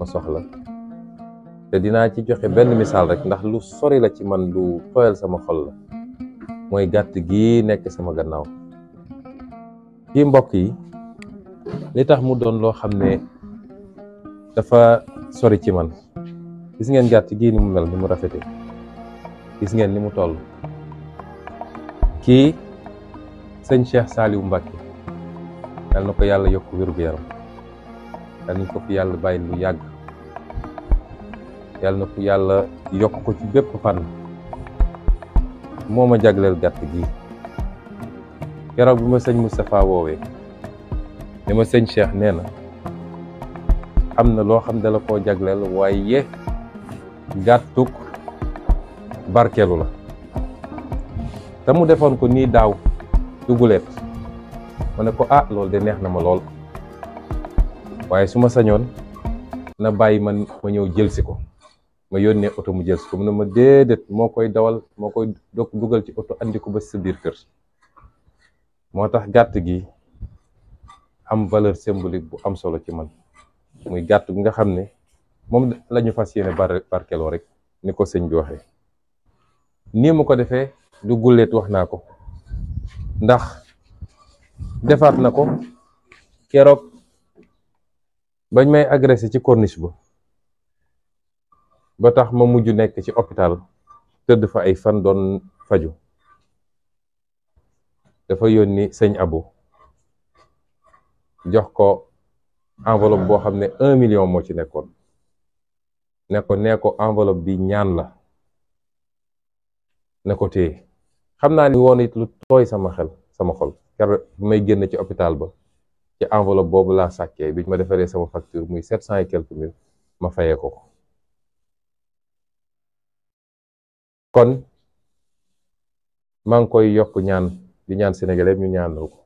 ko soxla te dina ci joxe benn misal rek ndax lu sori la ci man lu tooyal sama xol la mooy gàtt gi nekk sama gannaaw kii mbokk yi li tax mu doon loo xam ne dafa sori ci man gis ngeen gàtt gii ni mu mel ni mu rafete gis ngeen ni mu toll kii sëñ Cheikh Saliou Mbacke dal na ko yàlla yokk yaram yal nañ ko fi yàlla bàyyi lu yàgg yàlla na ko yàlla yokk ko ci bépp fànn moo ma jagleel gàtt gi keroog bi ma sëñ Moustapha woowee ne ma sëñ Cheikh nee na am na loo xam dala koo jagleel waaye gàttuk barkeelu la te mu defoon ko nii daaw duguleet ma ne ko ah loolu de neex na ma lool waaye su ma sañoon na bàyyi man ma ñëw jël si ko ma yónnee oto mu jël si ko mu ne ma déedéet moo koy dawal moo koy dog dugal ci oto andi ko ba sa biir kër moo tax gàtt gi am valeur symbolique bu am solo ci man muy gàtt gi nga xam ne moom lañu fas yéene bar barkeloo rek ni ko señ bi waxee nii mu ko defee du gulleet wax naa ko ndax defaat na ko keroog bañ may agressé ci corniche ba ba tax ma mujj nekk ci hôpital tëdd fa ay fan doon faju dafa yónni sëñ abu jox ko enveloppe boo xam ne un million moo ci nekkoon ne ko nee ko enveloppe bi ñaan la ne ko téye xam naa ni woon it lu tooy sama xel sama xol car may génn ci hôpital ba ci enveloppe boobu laa sàkkee bi ñu ma defaree sama facture muy sept cent et quelques mille ma fayee ko kon maa ngi koy yokk ñaan di ñaan sénégalais ñu ñaanal ko